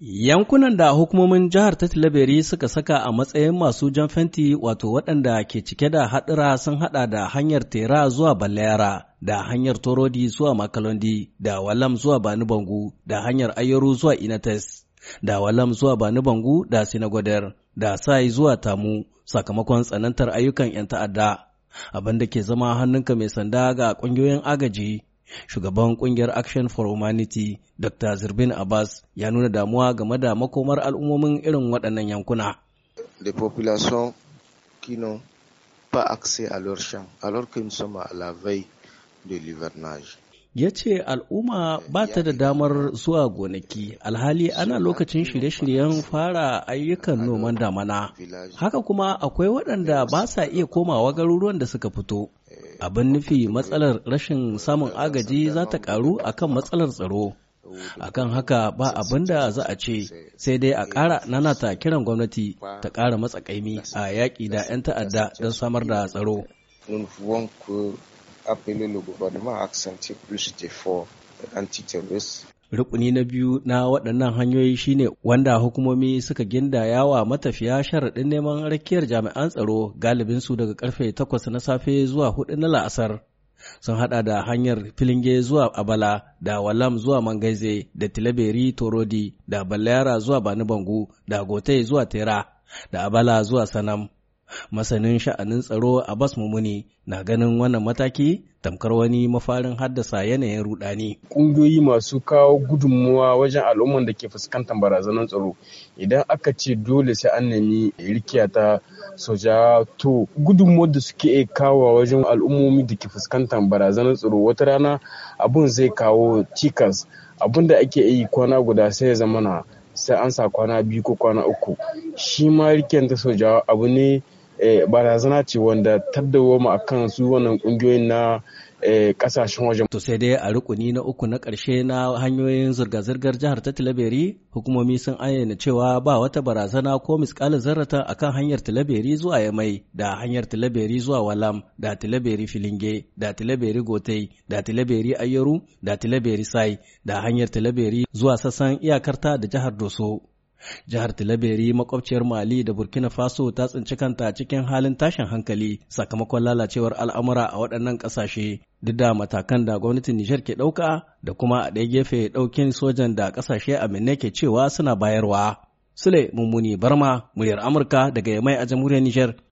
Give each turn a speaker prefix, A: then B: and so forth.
A: Yankunan da hukumomin jihar ta Tilaberi suka saka a matsayin masu jan fenti wato waɗanda ke cike da haɗura sun haɗa da hanyar tera zuwa Balayara, da hanyar Torodi zuwa Makalondi, da Walam zuwa Bani Bangu, da hanyar Ayyaru zuwa Inates, da Walam zuwa Bani Bangu da Sinagodar, da Sai zuwa Tamu sakamakon tsanantar ayyukan 'yan ta'adda. Abin da ke zama hannunka mai sanda ga ƙungiyoyin agaji Shugaban kungiyar Action for Humanity, Dr. Zirbin Abbas, ya nuna damuwa game da makomar al'ummomin irin waɗannan yankuna. the population
B: kino pas accès à leur champ, alors que nous de l'hivernage.
A: ya ce al'umma ba ta da damar zuwa gonaki alhali ana lokacin shirye-shiryen fara ayyukan noman damana haka kuma akwai waɗanda ba sa iya komawa garuruwan da suka fito abin nufi matsalar rashin samun agaji za ta karu kan matsalar tsaro akan haka ba abin da za a ce sai dai a ƙara nanata kiran gwamnati ta ƙara matsakaimi a yaƙi da 'yan ta'adda don samar da tsaro
B: appeler le gouvernement à accentuer plus d'efforts
A: rukuni na biyu na waɗannan hanyoyi shine wanda hukumomi suka gindaya wa matafiya sharaɗin neman rakiyar jami'an tsaro galibinsu daga karfe takwas na safe zuwa hudu na la'asar sun hada da hanyar filinge zuwa abala da walam zuwa mangaize da tilaberi torodi da balayara zuwa bani bangu da gotai zuwa tera da abala zuwa sanam masanin sha'anin tsaro a bas mumuni na ganin wannan mataki tamkar wani mafarin haddasa yanayin rudani
B: ƙungiyoyi masu kawo gudunmuwa wajen al'umman da ke fuskantar barazanar tsaro idan aka ce dole sai an nemi rikiya ta soja to gudunmuwar da suke kawo wajen al'ummomi da ke fuskantar barazanar tsaro wata rana abun zai kawo cikas abun da ake yi kwana guda sai ya zama na sai an sa kwana biyu ko kwana uku shi ma rikiyar ta soja abu ne Eh, barazana ce wanda taddawo a kan su wannan kungiyoyin na kasashen
A: eh, wajen. To sai dai a rukuni na uku na ƙarshe na hanyoyin zirga-zirgar jihar ta Tilaberi hukumomi sun ayyana cewa ba wata barazana ko miskalin zarrata akan hanyar Tilaberi zuwa Yamai da hanyar Tilaberi zuwa Walam da Tilaberi Filinge da Tilaberi Gotai da Tilaberi Ayyaru da Tilaberi Sai da hanyar Tilaberi zuwa sassan iyakarta da jihar Doso. Jihar Tilaberi makwabciyar Mali da Burkina Faso ta tsinci kanta cikin halin tashin hankali sakamakon lalacewar al'amura a waɗannan ƙasashe duk da matakan da gwamnatin Nijar ke ɗauka da kuma a ɗaya gefe ɗaukin sojan da ƙasashe aminne ke cewa suna bayarwa. Sule Mummuni Barma, muryar Amurka daga Yamai a jamhuriyar Nijar.